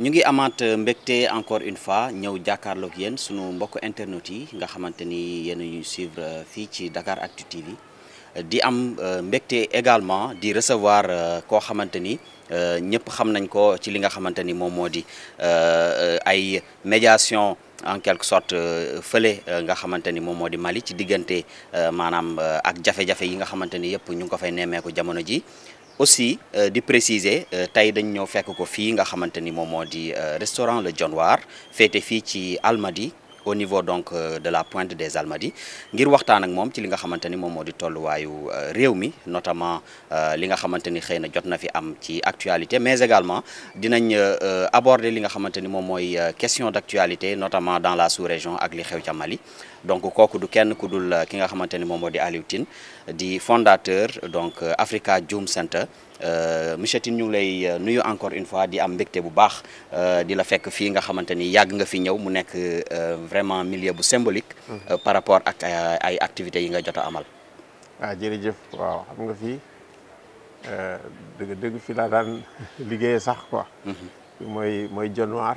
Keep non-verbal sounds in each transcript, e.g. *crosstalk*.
ñu ngi amaat mbégte encore une fois ñëw jàkkaarloog yéen sunu mbokk internet yi nga xamante ni yéen ñuy suivre euh, fii ci Dakar Actu TV euh, di am euh, mbégte également di recevoir koo xamante ni ñëpp xam nañ ko ci li nga xamante ni moom moo di ay médiation en quelque sorte fële nga xamante ni moom moo di Mali ci diggante maanaam ak jafe-jafe yi nga xamante ni yëpp ñu ngi ko fay nemmeeku jamono ji aussi euh, di préciser euh, tay dañ ñëw fekk ko fi nga xamante mom modi euh, restaurant Le Dionewar fété fi ci Almadi au niveau donc de la pointe des Almadi. ngir waxtaan ak mom ci li nga xamante mom modi tollu wayu tolluwaayu notamment li nga xamante xeyna xëy jot na fi am ci actualité mais également dinañ aborder li nga xamante mom moy question d'actualité notamment dans la sous-région ak li xew ci Mali donc kooku du kenn ku dul ki nga xamanteni ni moom di Aliou tin di fondateur donc Africa Jom Center euh monsieur tin ñu lay euh, nuyu encore une fois di am mbégte bu baax euh, di la fekk fi nga xamanteni yag nga fi ñew mu nek euh, vraiment milieu bu symbolique. Hum. par rapport ak ay activités yi nga jot a amal. waaw ah, jërëjëf waaw xam nga fi euh deug deug fi la daan *laughs* liggéeyee sax quoi. mooy mooy Dionewar.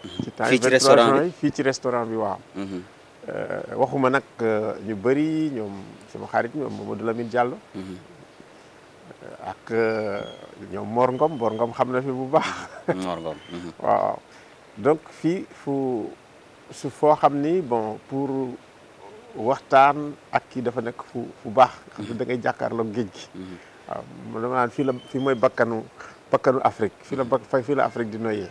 Mhm. fii ci restaurant bi fii ci restaurant bi waaw. Mhm. Euh, waxuma nag euh, ñu bari ñoom sama xarit ñoom Mamadou Lamine Diallo. Mhm. Euh, ak ñoom Mor Ngom Ngom xam na fi bu baax. *laughs* Mor donc fii fu su foo xam ni bon pour waxtaan ak kii dafa nekk fu fu baax. dangay nga da géej gi. waaw dama naan fii la fii mooy bakkanu bakkanu Afrique fii la bakk fii la Afrique di noyyee.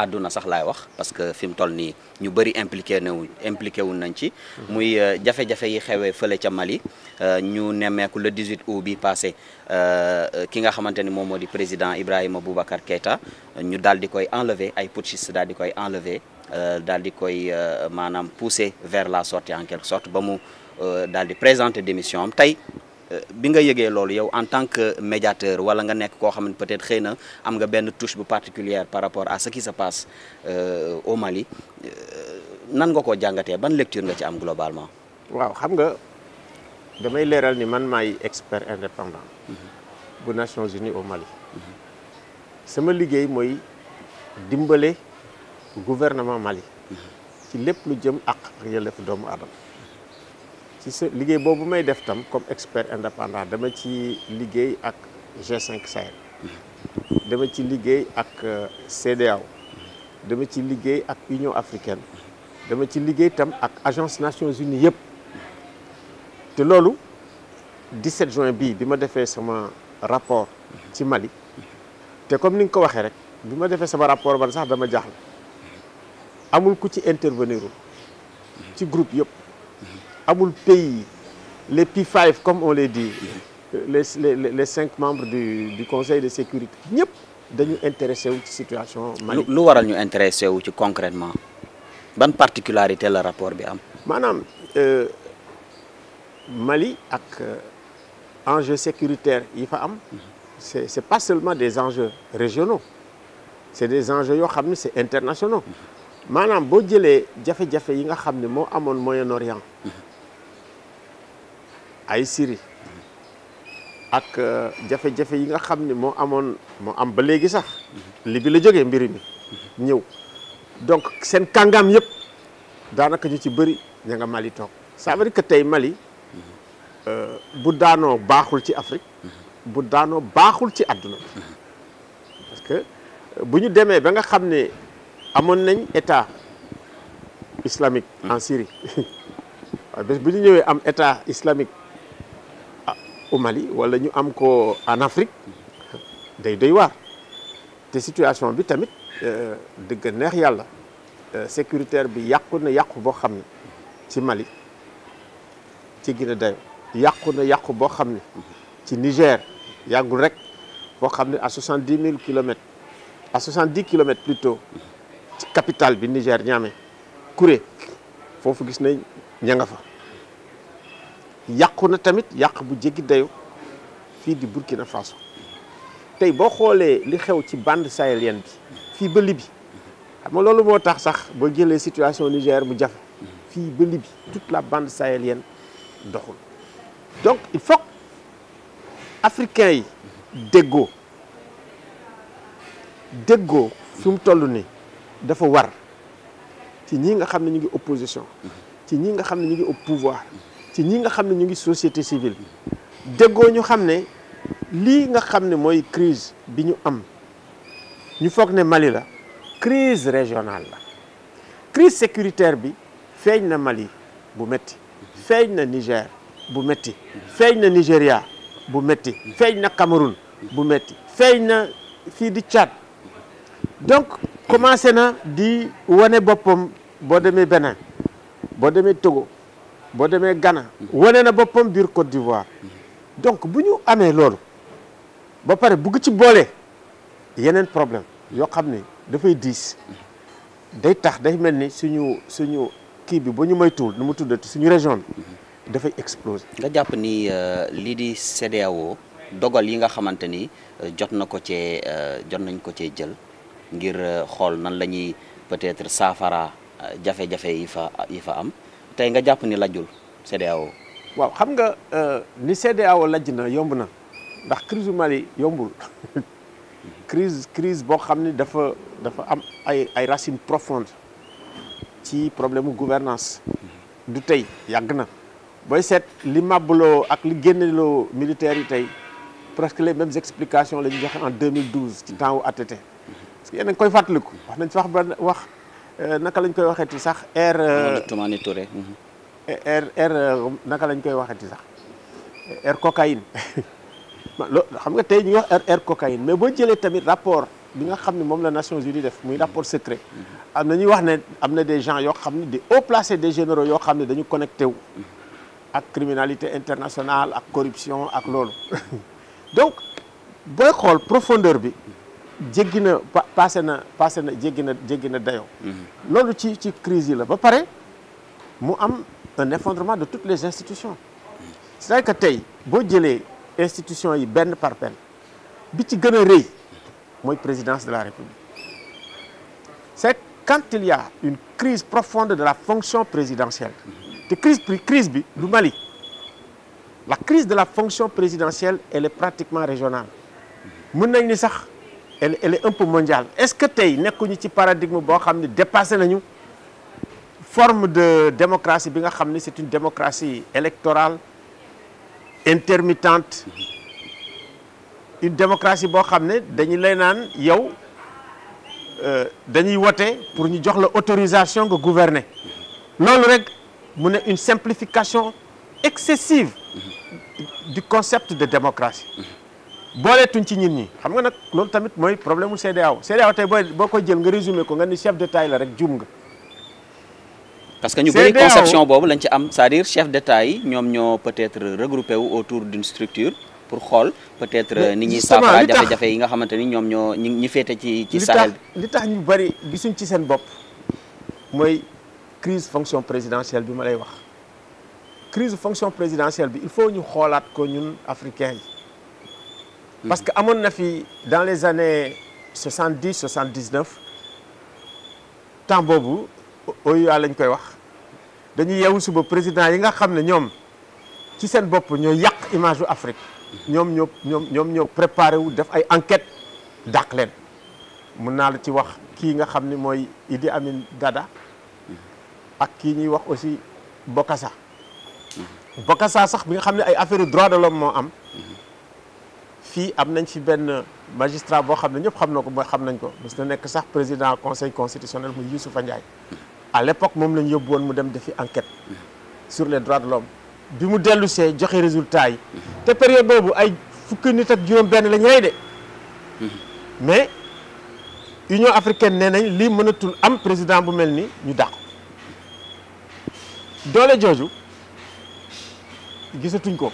àdduna sax lay wax parce que fim toll ni ñu bari impliqué wu impliqué wuñ nañ ci. muy jafé euh, jafé yi xewé feulé ca Mali. Euh, ñu néméku le 18 août bi passé euh, ki nga xamante mom modi président Ibrahim Boubacar Keïta ñu dal di koy enlever ay putschistes dal di koy enlever dal di koy manam pousser vers la sortie en quelque sorte ba mu dal di présenter démission tay euh, bi nga yëgee yow en tant que médiateur wala nga nek ko xamné peut-être xeyna am nga ben touche particulière par rapport à ce qui se passe euh, au Mali euh, nan nga ko jangaté ban lecture nga ci am globalement. waaw xam nga damay léral ni man may expert indépendant. Mm-hmm. bu Nations Unies au Mali. Mm-hmm. sama liguey moy dimbalé gouvernement Mali. Mm-hmm. ci lepp lu jëm ak ak yelleef doomu aadama ci ce liggéey boobu may def tam comme expert indépendant dama ci liggéey ak G5 Sahel dama ci liggéey ak euh, CDA, dama ci liggéey ak Union africaine dama ci liggéey tam ak agence Nations Unies De te 17 juin bii bi ma defee sama rapport ci Mali Et comme ni nga ko waxee rek mon ma sama rapport man sax dama jaaxle amul ku ci intervenirul ci groupe le pays les P5 comme on les dit les les cinq membres du conseil de sécurité nous dañu intéressé wu ci situation. Mali lu waral intéressé concrètement ban particularité le rapport bi Madame, euh, Mali ak euh, enjeux sécuritaires yi fa am c'est pas seulement des enjeux régionaux c'est des enjeux internationaux. Madame, c'est internationaux Madame, si vous vous jafe yi nga xam ne Moyen-Orient. ay siri ak euh, jafe-jafe yi nga xamni mo amone mo am ba légui sax li bi la joggé mbiri mi ñew donc seen kàngaam yëpp daanaka ñu ci bëri Mali tok ça veut dire que tay Mali euh, bu daano baxul ci Afrique bu daano baxul ci aduna parce que euh, bu ñu ba nga amone nañ état islamique en Syrie bëss *laughs* bu am état islamique au Mali wala ñu am ko en Afrique day doy waar te situation bi tamit euh, dëgg neex yàlla euh, sécuritaire bi yàqu na bo boo ci Mali ci Guinée dayo yàqu na bo boo ci Niger yàggul rek bo xam à soixante dix mille à 70 km plutôt ci capitale bi Niger Niamey couré fofu gis nañ ñanga fa yakuna tamit yak bu jéggi dayo fi di Burkina Faso tay bo xolé li xew ci bande sahélienne bi fi ba libi xam lolu loolu tax sax bo jëlee situation Niger mu jafe fi ba libi toute la bande sahélienne doxul donc il faut africain, yi deggo deggo fi tollu ni dafa war ci ñi nga xamni ñu ngi opposition ci ñi nga xamni ne ñu ngi au pouvoir ci ñi nga xam ne ñu ngi société civile bi déggoo ñu xam ne lii nga xam ne mooy crise bi ñu am ñu foog ne Mali la crise régionale la crise sécuritaire bi feeñ na Mali bu metti feeñ na Niger bu metti feeñ na Nigéria bu metti feeñ na Cameroun bu metti feeñ na fii di Tchad donc commencé na di wane boppam boo demee beneen boo demee Togo boo demee Ghana wane na boppam biir Côte d'Ivoire donc bu ñu amee loolu ba pare bugg ci boole yeneen problème yoo xam ne dafay diis day tax day mel ni suñu suñu kii bi ba ñu moytuwul nu suñu région nga jàpp ni euh, lii di CEDEAO dogal yi nga xamante ni euh, jot na ko euh, jot nañ ko jël ngir xool nan la ñuy peut-être saafara jafe-jafe yi fa yi fa am. tey nga jàpp ni lajjul CEDEAO. waaw xam nga euh, ni CEDEAO lajj na yomb na ndax crise yu Mali yombul *laughs* crise crise boo xam ni dafa dafa am ay ay racines profondes ci problème mu gouvernance du tey yàgg na booy seet li màbbaloo ak li génne génneloo militaire yi tey presque les mêmes explications la ñu joxe en 2012 ci temps wu ATT parce que yéen wax nañ ci wax ba wax Euh, naka lañ koy waxeeti sax air. Euh, Toumani Touré. air mhm. euh, air naka lañ koy waxeeti sax air cocaïne *laughs* xam nga tay ñu wax air air cocaïne mais bo jëlé tamit rapport bi nga xamni mom la Nations Unies def muy rapport secret mhm. am na wax né amna des gens yo xamni ne des hauts placés des généraux yo xamni dañu connecté wu mhm. ak criminalité internationale ak corruption ak loolu *laughs* donc boy xol profondeur bi djegina na passé na passé na qui est dayo lolu ci ci crise la ba paré mu am un effondrement de toutes les institutions. c'est-à-dire que tay bo jélé institution yi ben par benn bi ci gëna reuy moy présidence de la république c'est quand il y a une crise profonde de la fonction présidentielle te crise crise bi du Mali la crise de la fonction présidentielle elle est pratiquement régionale mën nañ ni sax elle est un peu mondiale est-ce que tu dans le paradigme qui xam la forme de démocratie c'est une démocratie électorale intermittente une démocratie qui est euh, pour nous donner l'autorisation autorisation gouverner C'est rek une simplification excessive du concept de démocratie tuñ ci nit ñi xam nga nak lool tamit moy problème CDAO CDAO tay boko jël nga résumé ko nga ni chef d'état la rek jum nga parce que ñu bari conception bobu lañ ci am c'est-à-dire chef d'état yi ñom ñoo peut-être regroupé wu autour d'une structure pour xol peut-être nit ñi fa jafé jafé yi nga xamanteni ñom ñoom ñoo ñi fété ci ci Sahel li tax ñu bari gisun ci sen bop moy crise fonction présidentielle bi ma lay wax crise fonction présidentielle bi il faut ñu xolaat ko ñun africains parce que dans les années 70 79 tant que OUA lañ koy wax président yi nga qui ci image Afrique préparé wu enquête dàq leen mun la ci Idi Amin Dada aussi Bokassa mm-hmm. Bokassa sax bi droit de l'homme fii am nañ fi benn magistrat bo xam ne ñëpp xam na ko ba xam ko mos na nekk sax président conseil constitutionnel mu Youssoufa Ndiaye à l'époque mom lañ ñu yóbbu mu dem defi enquête sur les droits de l'homme bi mu dellu see joxe résultat yi té période bobu ay fukk nit ak juróom ben lañ rey dé mais Union africaine nee li mënatul am président bu melni ñu dàq doole jojo gisatuñ ko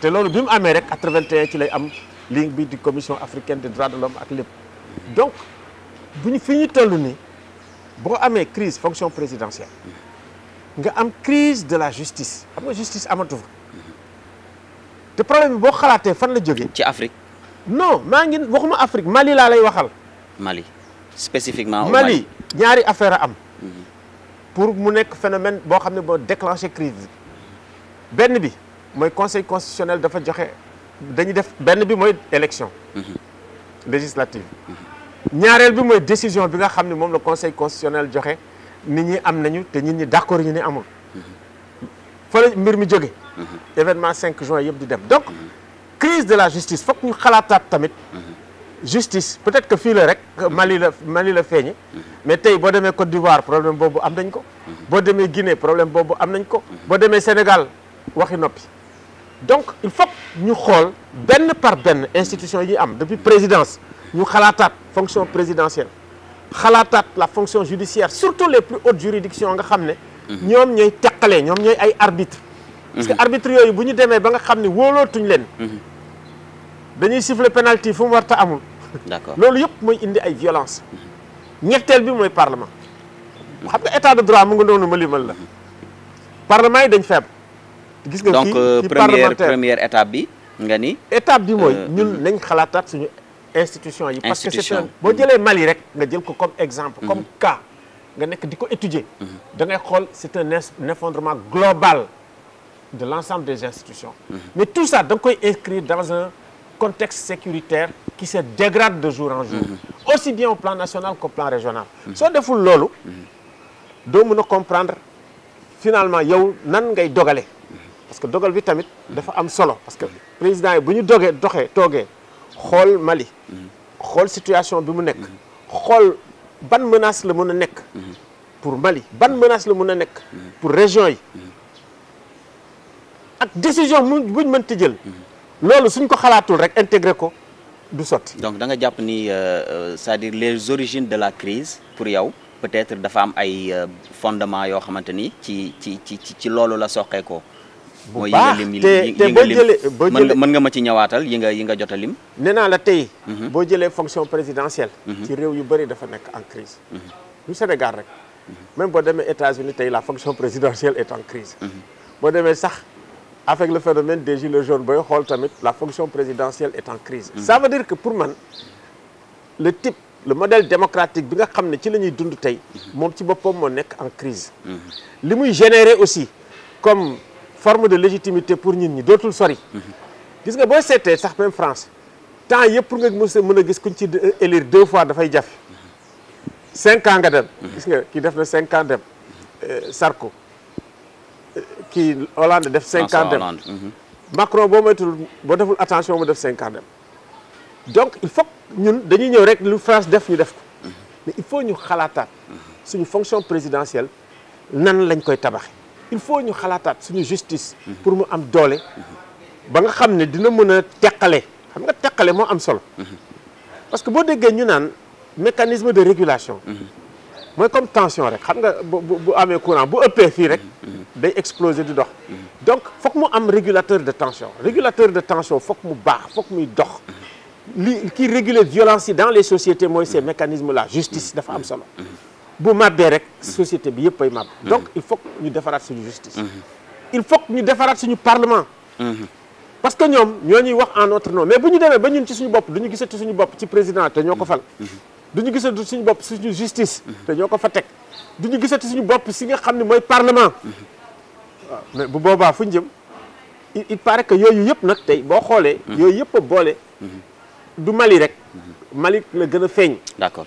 te loolu bi mu rek 81 ci lay am ligne commission africaine des droits de l'homme ak lépp donc si ñu fi Si toll nii a une crise fonction présidentielle nga une crise de la justice La justice justice amatu fa le problème Où est-ce fan la jógee. ci Afrique. non maa ngi waxuma Afrique Mali la lay waxal. Mali spécifiquement. Mali Il y a am. Mhm. pour mu nekk phénomène boo xam ne déclencher crise benn mooy conseil constitutionnel dafa joxe dañuy def benn bi mooy élection mhm. législative mhm. ñaareel bi mooy décision bi nga xam ne moom conseil constitutionnel joxe nit ñi am nañu te nit ñi d'accord ñu ne amul mhm. fa la mbir mi jóge événement 5 juin yëpp di dem donc crise de la justice foog ñu xalaataat tamit justice peut-être que fii la rek Mali la Mali la feeñe mais tey boo demee Côte d'Ivoire problème boobu am nañ ko boo demee Guinée problème boobu am nañ ko boo demee Sénégal waxi noppi donc il faut ñu xool benn par benn institution yi am depuis présidence ñu la fonction présidentielle xalaataat la fonction judiciaire surtout les plus hautes juridictions nga sommes ne mhm. ñoom ñooy teqalee ñoom arbitres. ay arbitre parce que mhm. arbitre yooyu bu ñu demee ba nga xam ne wóolootuñ leen mhm. dañuy siffler penalty fu mu war ta amul d'accord loolu yëpp mooy indi ay violence ñetteel bi parlement xam nga état de droit mu nga noonu ma limal parlement est faible donc euh, première première étape bi nga étape bi avons euh, ñun institution parce que c'est un je mm-hmm. jëlee Mali rek nga jël comme exemple. comme mm-hmm. cas vous avez étudié. étudier. Mm-hmm. c'est un effondrement global de l'ensemble des institutions. mais tout ça da inscrit dans un contexte sécuritaire qui se dégrade de jour en jour. aussi bien au plan national qu'au plan régional. Si deful loolu. doo vous comprendre finalement yow nan ngay dogale parce que dogal bi tamit dafa am solo parce que président yi bu ñu dogee doxee Mali xol situation bi mu nekk xool ban menace la mëna nek pour Mali ban menace la mëna nek pour région yi ak décision mu buñ mënti jël lolu suñ ko xalaatul rek intégré ko du sotti donc da nga japp ni euh, euh, c'est-à-dire les origines de la crise pour yow peut-être dafa am ay euh, fondement yo xamanteni ci ci ci ci loolu la ko bu baax fonction présidentielle. Mhm. en crise mhm. Sénégal mhm. la fonction présidentielle est en crise avec le phénomène des gilets jaunes la fonction présidentielle est en crise ça veut dire que pour moi, le type le modèle démocratique bi en crise Lui, générer aussi comme forme de légitimité pour nous d'autres soirées. sori. gis Si France pour élire deux fois dans cinq ans nga cinq ans euh, Sarko euh, Hollande cinq ans Macron attention ans donc il faut que nous France mais il faut ñu sur une fonction présidentielle nan il faut ñu xalaataat suñu justice. pour mu am dolé. ba nga xam ne dina mën a xam nga teqale mo am solo. parce que boo déggee ñu un mécanisme de régulation. Moi comme tension rek xam nga bu amé courant bu ëppee fii rek. day exploser du dox. donc que mu am régulateur de tension régulateur de tension foog mu baax foog muy dox. li qui réguler violence dans les sociétés Moi ces mécanismes là justice dafa am solo. Mhm. société mhm. donc il faut que nous défassions la justice mhm. il faut que nous défassions parlement parce que nous, nous en notre nom mais si nous devons ba nous nous suñu président nous justice Nous avons ko nous parlement mais il paraît que nous nous a du Mali Mali d'accord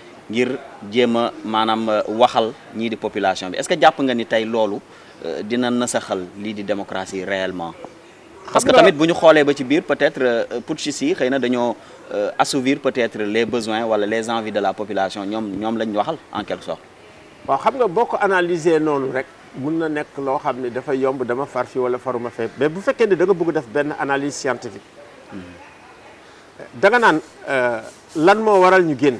ngir jéem manam euh, waxal ñi di population bi est-ce que japp nga ni tay lolu euh, dina nasaxal li di démocratie réellement. parce que tamit buñu xolé ba ci biir peut-être euh, pour ci xëy na dañoo assouvir peut-être les besoins wala les envies de la population ñom ñom lañ waxal en quelque sorte. wa xam nga boko analyser nonu rek mun na nekk loo xam dafa yomb dama far fi wala faruma fe mais bu fekkene ne da nga bëgg def ben analyse scientifique. Hmm. da nga naan lan mo waral ñu génn.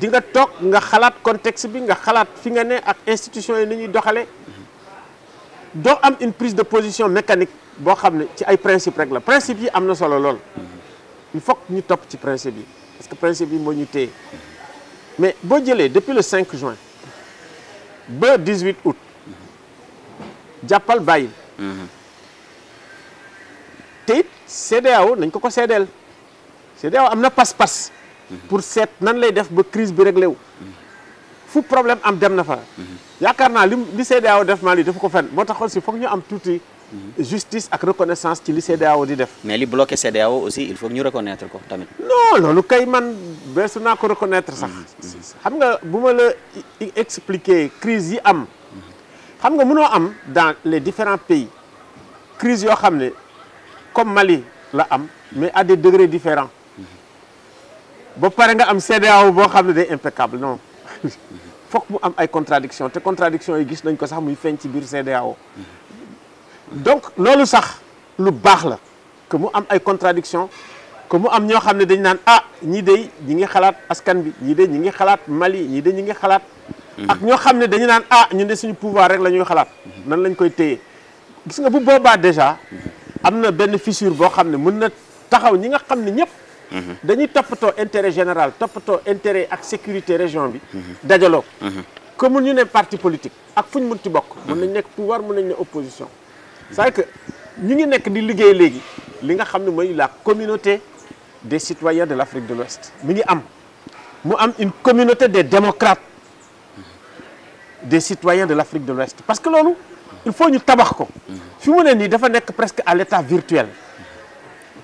di nga tok nga xalat contexte bi nga xalat fi nga né ak institution yi ni ñuy doxalé do am une prise de position mécanique bo xamné ci ay principe rek la principe yi amna solo lool il faut ñu top ci principe bi, parce que principe yi mo ñu té mais bo jëlee depuis le 5 juin ba 18 août jàppal bàyyil te it CEDEAO nañ ko ko seedeel CDAO am passe passe pour cette nan lay def ba crise bi réglé wu. fu problème am dem na fa. yakarna naa li cdao CEDEAO def Mali dafa ko fen motaxol si fokh ñu am touti justice ak reconnaissance ci li cdao di def. mais li bloqué cdao aussi il faut ñu reconnaître ko tamit. non lolu kay man beesu na ko reconnaître sax. xam nga buma le expliquer crise yi am. xam nga mëno am dans les différents pays crise yo xamné comme Mali la am mais à des degrés différents ba pare nga am CDAO bo xamné day impeccable non *laughs* foog mu am ay contradiction té contradiction yi gis nañ ko sax muy fenc ci bir CDAO donc lolu sax lu bax la que mu am ay contradiction que mu am ño xamné dañ naan ah ñi dé ñi ngi xalat askan bi ñi dé ñi ngi xalat Mali ñi dé ñi ngi xalat mm-hmm. ak ño xamné dañ dañu ah ñun dé suñu pouvoir rek la ñuy mm-hmm. nan lañ koy téye gis nga bu boba déjà mm-hmm. am ben fissure bo xamné mëna taxaw ñi nga xamné ne dañuy toppatoo intérêt général toppatoo intérêt et sécurité région bi. dajaloo Comme nous ñu ne parti politique nous sommes ñu mun pouvoir nous sommes en opposition. c'est que nous di liggéey la communauté des citoyens de l'Afrique de l'Ouest nous sommes une communauté des démocrates des citoyens de l'Afrique de l'Ouest parce que nous, il faut ñu tabax ko. sommes mu ne presque à l'état virtuel.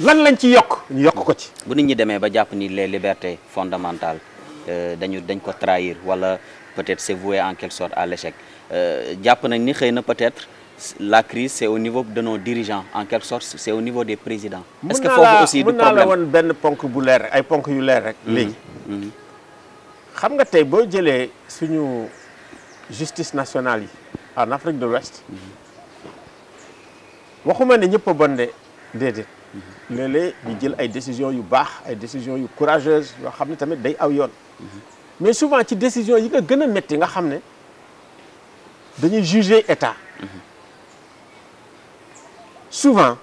lan lañ ci yok ñu yokk ko ci. bu nit ñi démé ba japp ni les libertés fondamentales euh, dañu dañ ko trahir wala peut-être c'est voué en quelque sorte à l'échec euh, japp nañ ni xeyna peut-être la crise c'est au niveau de nos dirigeants en quelque sorte c'est au niveau des présidents. est-ce que faut aussi du problème mën naa la won ben ponk bu lèr ay ponk yu lèr rek. Mhm. léegi mhm. xam nga tay bo jëlee suñu justice nationale en Afrique de l'Ouest mhm. waxuma ne ñepp a dédé léeg-léeg di jël ay décisions yu bax ay décisions yu courageuses yo xamné tamit day aw yoon mais souvent ci décision yi nga gëna metti nga xamné dañuy juger état souvent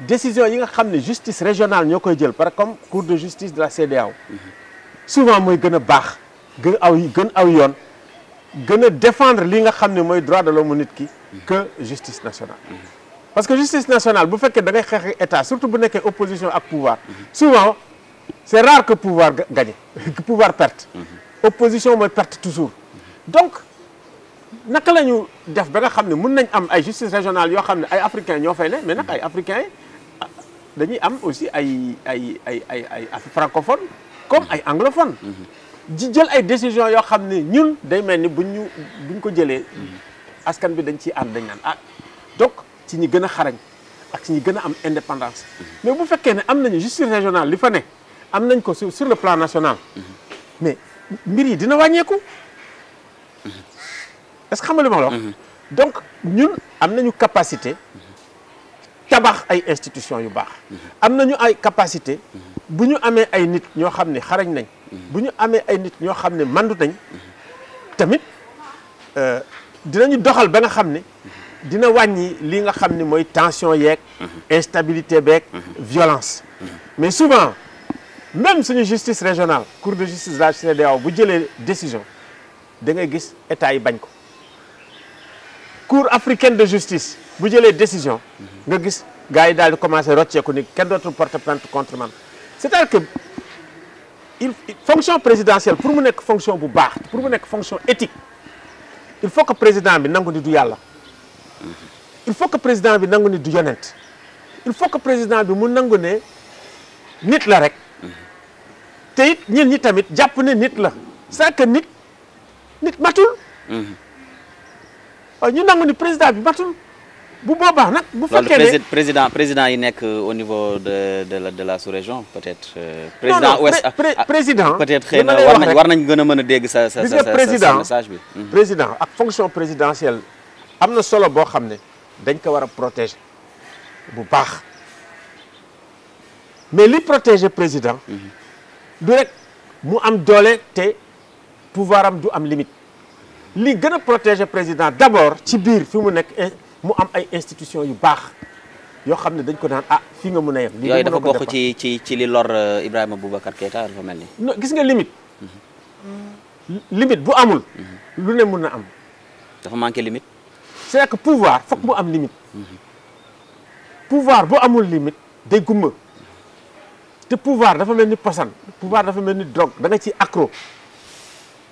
décision yi nga xamné justice régionale ñokoy koy jël par comme cour de justice de la CEDEAO souvent moy gëna bax baax gën aw gën aw yoon gëna défendre li nga xamné moy droit de l'homme nit ki que justice nationale parce que la justice nationale vous faites que vous état surtout bu nekkee opposition ak pouvoir souvent c'est rare que le pouvoir gagne que le pouvoir perde. L'opposition mhm. perd perte toujours donc nous avons ñu def ba nga xam ne nañ justice régionale les africains mais les africains ah, dañuy aussi ay ay ay ay ay comme ay anglophones. Mhm. di jël ay décision yoo xam ne ñun day des ni buñ ko mhm. ah, donc ci ñi gëna indépendance mais bu vous ne am justice régionale li sur le plan national mais mbir yi dina est-ce que donc ñun am nañu capacité tabax ay institution yu bax am nañu capacité bu ñu ay nit ño xamné xarañ nañ bu ñu ay nit ño mandu nañ euh, dina wàññi li nga xamni moy tension yeeg instabilité la violence mais souvent même suñu justice régionale cour de justice de la vous bu jëlee décision da ngay gis état yi bañ ko cour africaine de justice bu jëlee décision nga gis gars yi daal di commencé ko ni kenn d'autre porte plainte contre man c'est-à-dire que il fonction présidentielle pour mu nek fonction bu baax pour mu fonction éthique il faut que président bi un ni du yalla il faut que le président bi nangou ni du il faut que le président bi mu nangou ne nit la rek te it ñin ñi tamit japp nit la que nit nit matul ñu ni président bi matul bu bu président président yi euh, au niveau de la sous-région peut-être. Euh, président ah, président peut-être mhm. président ak fonction présidentielle amna solo bo xamné dañ ko wara protéger bu baax mais li protéger président du rek mu am doole té pouvoir am du am limite li gëna protéger président d'abord ci bir fi mu nekk eh, mu am ay institutions yu baax yo xamné dañ ko naan ah fi nga mën a li dafa bokk ci ci ci li lor euh, Ibrahima Boubacar Keita dafa melni non gis nga limite. Mhm. limite bu amul. Mhm. lu ne mëna am. dafa manquer limite c'est que pouvoir foog mu am limite pouvoir bu amul limite day gumba te pouvoir dafa melni ni pouvoir dafa melni drogue da nga ci accro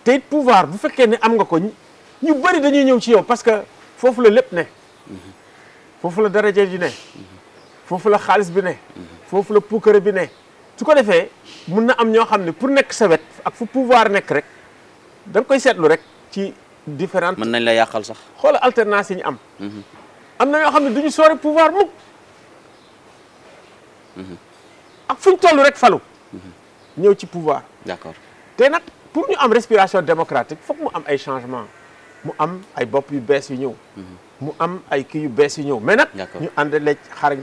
té pouvoir bu fekkee ne am nga ko ñu bari dañuy ñëw ci yow parce que fofu le lepp né fofu le daraja ji ne fofu le xaalis bi né fofu le puukare bi né su ko defee mun na am ño xam ne pour nek sa wette ak fu pouvoir nek rek da koy sétlu rek ci différentes man nañ la yakal sax xol alternance yi ñu am mhm. am na ñoo xamni duñu sori pouvoir mukk mhm. ak fuñ tollu rek falu mhm. ñew ci pouvoir d'accord té nak pour ñu am respiration démocratique fokk mu am ay changement mu am ay bop yu bess yu ñew mu am ay ki yu bess yu ñew mais nak ñu ànd lecc xarañ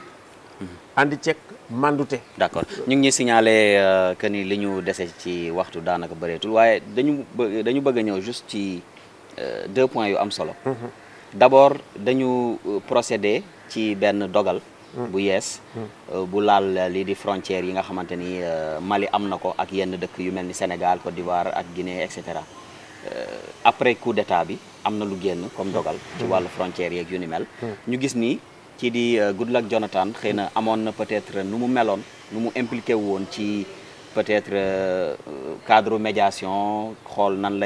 andi ci mandute d'accord ñu ngi signalé euh, que ni liñu déssé ci waxtu daanaka tul wayé dañu dañu bëgg ñëw juste ci Euh, deux points yu am solo. d'abord dañu euh, procéder ci benn dogal. bu yees euh, bu laal lii di frontière yi nga xamante ni Mali am na ko ak yenn dëkk yu mel ni Sénégal Côte d'Ivoire ak Guinée et cetera après coup d'état bi am na lu génn comme dogal. ci wàllu frontière yeeg yu ni mel. ñu gis ni ci di Goodluck Jonathan xëy na amoon na peut-être nu mu meloon nu mu impliqué woon ci. peut-être euh, cadre médiation nan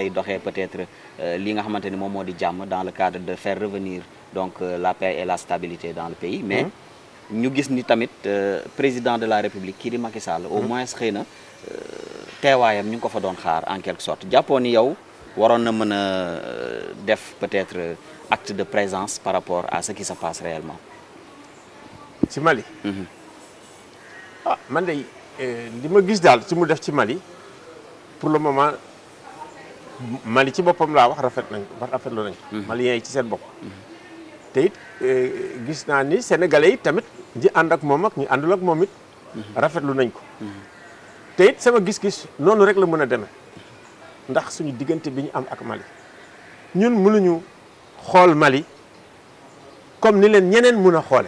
peut-être euh, li nga xamante mom modi dans le cadre de faire revenir donc euh, la paix et la stabilité dans le pays mais mmh. ñu gis que le président de la république Kiri di au mmh. moins xeyna téwayam ñu ko fa doon xaar en quelque sorte japon yow waron na mëna def peut-être acte de présence par rapport à ce qui se passe réellement ci Mali mmh. ah man Eh, lima gis dal ci mu def ci Mali pour le moment Mali ci bopam la wax rafet nañ rafet lo nañ mhm. Maliens ci sen bop mhm. te eh, gis nani, ni sénégalais tamit di and ak mom ak ñu andul ak momit mhm. rafet lu nañ ko. te sama gis-gis nonu rek la mëna démé ndax suñu digënté biñu am ak Mali ñun mënuñu xol Mali comme ni nyenen ñeneen mëna xolé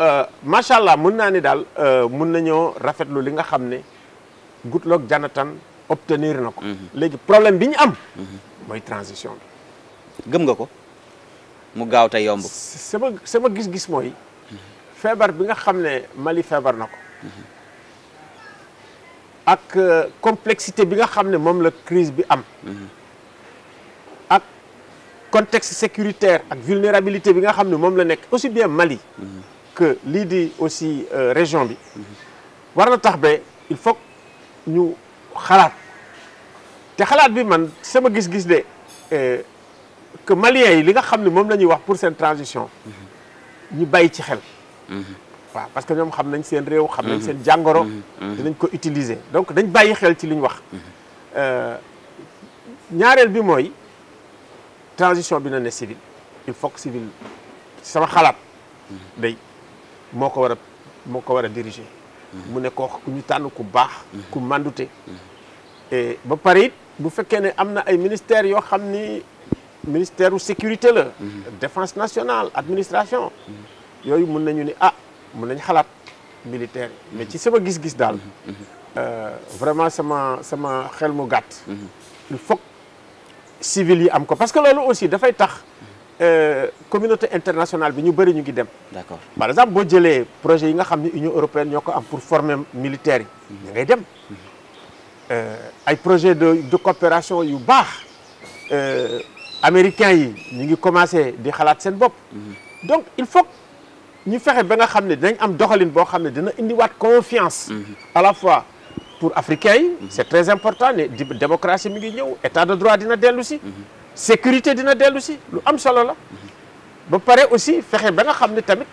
Euh, macha allah mën d'al, ni daal euh, mën nañoo rafetlu li nga xamné goutlok Goodluck Jonathan obtenir n'ako. ko. Mhm. problème biñ am. moy transition gëm nga ko mu gaaw te yomb. sama sama gis-gis moy feebar bi nga xamné Mali feebar n'ako. ak euh, complexité bi nga xamné mom la crise bi am. ak contexte sécuritaire ak vulnérabilité bi nga xam ne la aussi bien Mali que lii di aussi euh, région bi war na tax il faut ñu xalat té xalat bi man sama gis-gis de euh, que maliens yi li nga xam mom lañuy wax pour sen transition ñu bàyyi ci xel waaw parce que ñom xam nañ sen réew xam nañ sen jangoro dinañ ko utiliser donc dañ bàyyi xel ci liñ wax euh ñaareel bi moy transition bi na né civil il faut que civil sama xalat day je ko war diriger. Mm-hmm. mu ne ko ñu et ku baax. Mm-hmm. ku mm-hmm. ba y ministère sécurité la. défense nationale administration. Yo yu nañu ah militaire mais ci sama gis-gis euh, vraiment sama sama il faut civil yi parce que aussi euh, communauté internationale bi ñu ñu par exemple si projet yi nga européenne pour former militaire. yi. Mhm. Euh, projet de de coopération yu euh, américains yi ngi mhm. donc il faut ñu nous ba nga am confiance. Mhm. à la fois pour africains c'est très important la démocratie mi ngi ñew état de droit dina sécurité dina dellu si lu am solo la ba paré aussi fexé ba nga xam tamit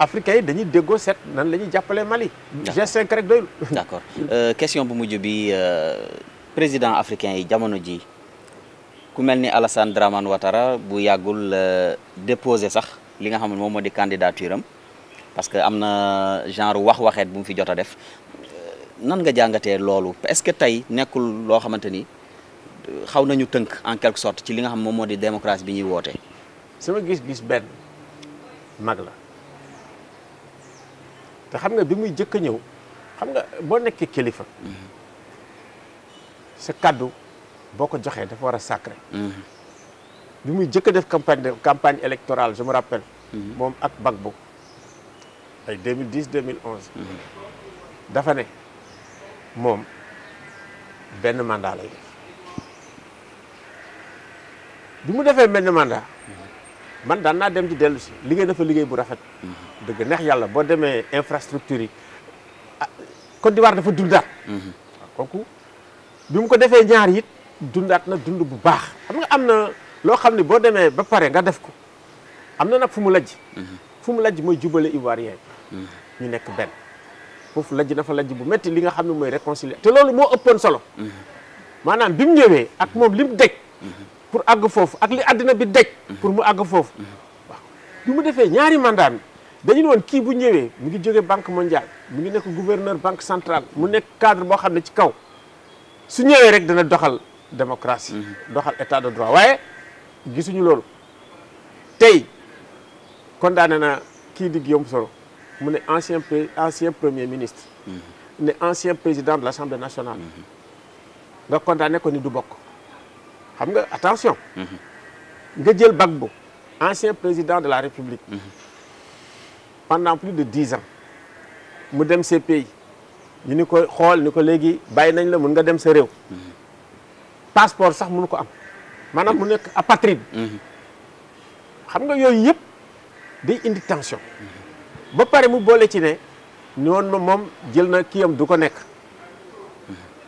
africains yi dañuy déggoo set nan lañuy jappalé Mali. G5 rek doyul. *laughs* d'accord euh, question bu mujj bi euh, président africain yi jamono ji ku melni Alassane Dramane watara bu yàggul euh, déposer sax li nga xam ne di candidature am parce que amna genre wax waxet bu mu fi jotta a def nan nga jangaté lolu est-ce que tay nekul lo xamanteni xaw nañu tënk en quelque sort ci li nga xam moom moo di démocratie bi ñuy woote. sama gis-gis benn mag la te xam nga bi muy jëkk a ñëw xam nga boo nekkee kilifa sa kaddu boo ko joxee dafa war a sacré. Mm-hmm. bi muy jëkk a def campagne de campagne électorale je me rappelle. Mm-hmm. moom ak Gbagbo ay 2010 2011. Mm-hmm. dafa ne moom benn mandat lay bi mu defee benn mandat man daan naa dem di dellu si liggéey dafa liggéey bu rafet. dëgg neex yàlla boo demee infrastructure yi ah Côte d'Ivoire dafa dundaat. Mhm. kooku bi mu ko defee ñaar it dundaat na dund bu baax xam nga am na loo xam ne boo demee ba pare nga def ko am na nag fu mu lajj. Mhm. fu mu lajj mooy jubale ivoirien mhm. ñu nekk benn foofu lajj dafa lajj bu metti li nga xam ne mooy réconcilier te loolu moo ëppoon solo. maanaam bi mu ñëwee ak moom li mu pour ag foofu ak li adina bi daj. pour mu ag foofu. waaw bi mu defee ñaari mandat dañu won ki bu ñëwé mu ngi jógee banque mondiale mu ngi nek gouverneur banque centrale mu nek cadre bo xamné ci kaw su ñëwé rek dana doxal démocratie. Mhm. doxal état de droit wayé gisunu lool tay condamné na ki di Guillaume Soro mu né ancien ancien premier ministre. Mhm. né ancien président de l'Assemblée nationale. Mhm. nga condamné ko ni du bokk. xam nga attention. Mhm. nga jël Gbagbo ancien président de la République. Mhm. pendant plus de 10 ans mu dem ses pays ñu ni ko xol ni ko légui bàyyi nañ la mun nga dem sa réew. Mhm. passeport sax mënu ko am Manam mu nek apatride. xam nga yooyu yëpp day indi tension. ba paré mu bolé ci né non ma moom jël na kiyam am du ko nekk.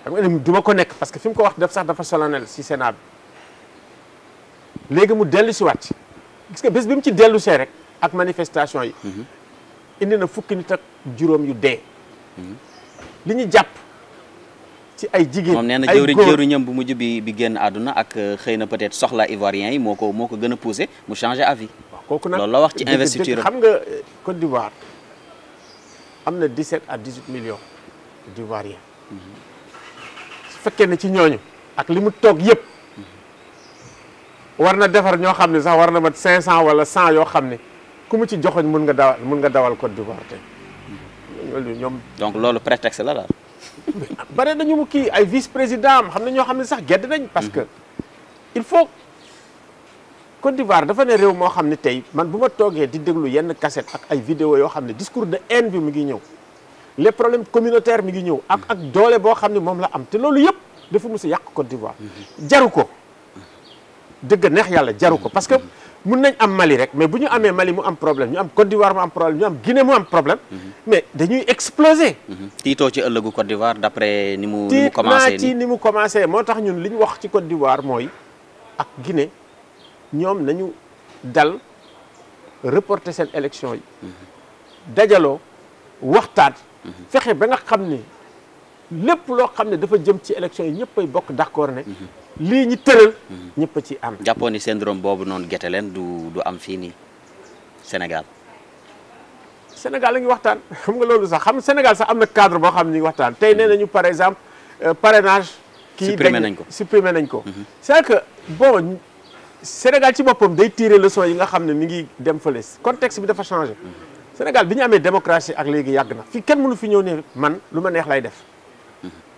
xam ko nek parce que fim ko wax def sax dafa solennel si Sénat bi. léegi mu dellu si waat gis nga bés bi mu ci dellusee rek ak manifestation yi mhm. indi na fukki nit ak juróom yu dee mhm. li ñu jàpp ci ay jigéen moom nee na jëwriñ jëwriñam bu mujj bi génn àdduna ak euh, xëy na peut-être soxla ivoirien yi moo ko moo ko gën a poussé mu changé avis waaw kooku nag loolu wax ci investiture xam nga euh, Côte d'Ivoire am na 17 à 18 million d'ivoiriens mhm. su fekkee na ci ñooñu ak li mu toog yëpp warna na defar ñoo xam sax warna na mat 500 wala 100 yo xam kumu ci joxoñ mën nga dawal mën nga dawal Côte d'Ivoire té loolu donc lolu prétexte la daal. *laughs* bare nañu mu kii ay vice président xamna xam ne ñoo xam sax gedd nañ. parce que il faut Côte d'Ivoire dafa né réew mo xam tay man buma ma di déglu yenn cassette ak ay vidéo yo xam discours de haine bi mi ngi ñëw. les problèmes communautaires mi ngi ñëw. ak ak doolé bo xam mom la am té lolu yépp dafa mësu a yàq Côte d'Ivoire. Mhm. jaru ko. dëgg neex yàlla jaru ko parce que mun nañ am Mali rek mais bu ñu amee Mali mu am problème ñu am Côte d'Ivoire mu am problème ñu am Guinée am problème. Mhm. mais dañuy exploser. Mhm. tiitoo ci ëllëgu Côte d'Ivoire d'après ni mu. ni commencé tiit ni mu commencé moo tax ñun li ñu wax ci Côte d'Ivoire mooy ak Guinée ñoom nañu dal reporter seen élection yi. Mhm. dajaloo waxtaan. fexe ba nga xam ni. lépp lo xamné dafa jëm ci élection yi ñëppay bokk d'accord né li ñi tëral. ñepp ci am. jàppoon syndrome bobu non gerte len du du am fi ni Sénégal. Sénégal la waxtaan *laughs* xam nga lolu sax xam Sénégal sax amna cadre bo xamni ñu ngi waxtaan tay nee nañu par exemple euh, parrainage. qui supprimer nañ ko supprimer nañ ko. Mhm. c'est que bon Sénégal ci bopom day tirer leçon yi nga xam mi ngi dem feulé contexte bi dafa changer mhm. Sénégal bi ñu amee démocratie ak légui yag na fi kenn mënu fi ñëw né man luma neex lay def.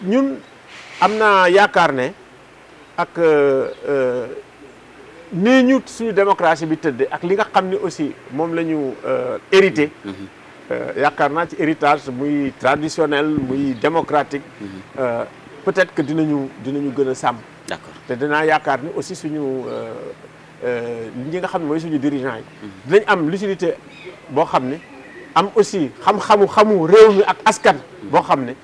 ñun am naa yaakaar ne ak euh, euh, nii ñu suñu démocratie bi tëdd ak li nga xam ne aussi moom la ñu euh, hérité mhm. yaakaar naa ci héritage muy traditionnel muy démocratique mhm. peut-être que dinañu ñu gën a sàmm d'accord te dinaa yaakaar ni aussi suñu ñi nga xam ne mooy suñu dirigeant yi mhm. dinañ am lucidité boo xam ne am aussi xam-xamu xamu réew mi ak askan boo xam ne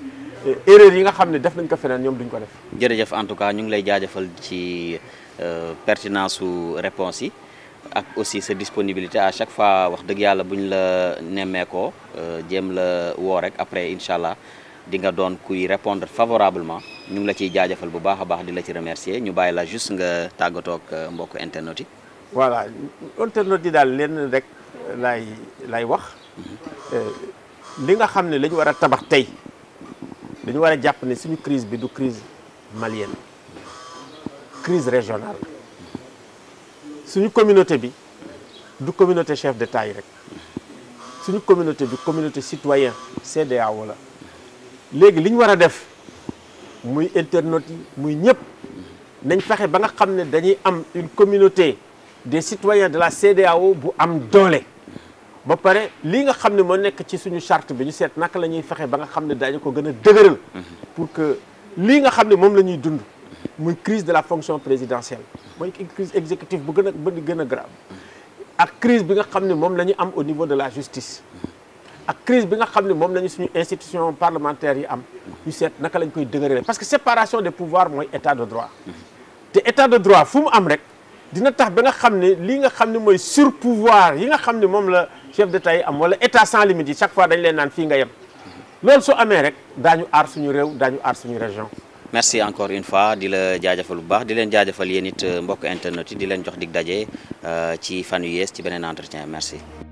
erreur yi nga xam ne def nañ ko feneen ñoom duñ ko def. jërëjëf en tout cas ñu ngi lay jaajëfal ci euh, pertinance su réponse yi ak aussi sa disponibilité à chaque fois wax dëgg yàlla bu ñu la nemmeekoo euh, jéem la woo rek après incha allah di nga doon kuy répondre favorablement ñu ngi la ciy jaajëfal bu baax a baax di la ci remercier ñu bàyyi la juste nga tàggatoo mbokk euh, mbokku internet yi. voilà internet yi daal lenn rek laay laay wax mhm. li nga xam ne la ñu war a tabax tey. nous avons une crise bi une crise malienne crise régionale communauté du communauté chef d'État taille. communauté bi communauté citoyen CEDEAO une communauté des citoyens de la CDAO pour am ba paré li nga xamné mo nek ci suñu charte bi ñu sét nak lañuy ñuy ba nga xamné ne ko gëna dëgeural pour que li nga xamné mom lañuy dund muy crise de la fonction présidentielle moy crise exécutive bu gëna a bu grave ak crise bi nga xamné mom lañuy am au niveau de la justice ak crise bi nga xamné mom lañuy suñu institution parlementaire yi am ñu sét nak lañ koy dëgeural parce que séparation des pouvoirs moy état de droit té état de droit fu mu am rek dina tax ba nga xam ne nga xamné moy surpouvoir yi nga xamné mom la chef d'État yi am wala état sans limite chaque fois dañ leen nan fi nga yam lool su amé rek dañu ar suñu rew dañu ar suñu région merci encore une fois di la jaajëfal bu baax di leen jaajëfal yéen it euh, mbokk internet yi di leen jox dig dajé euh, ci fan yu yees ci benen entretien merci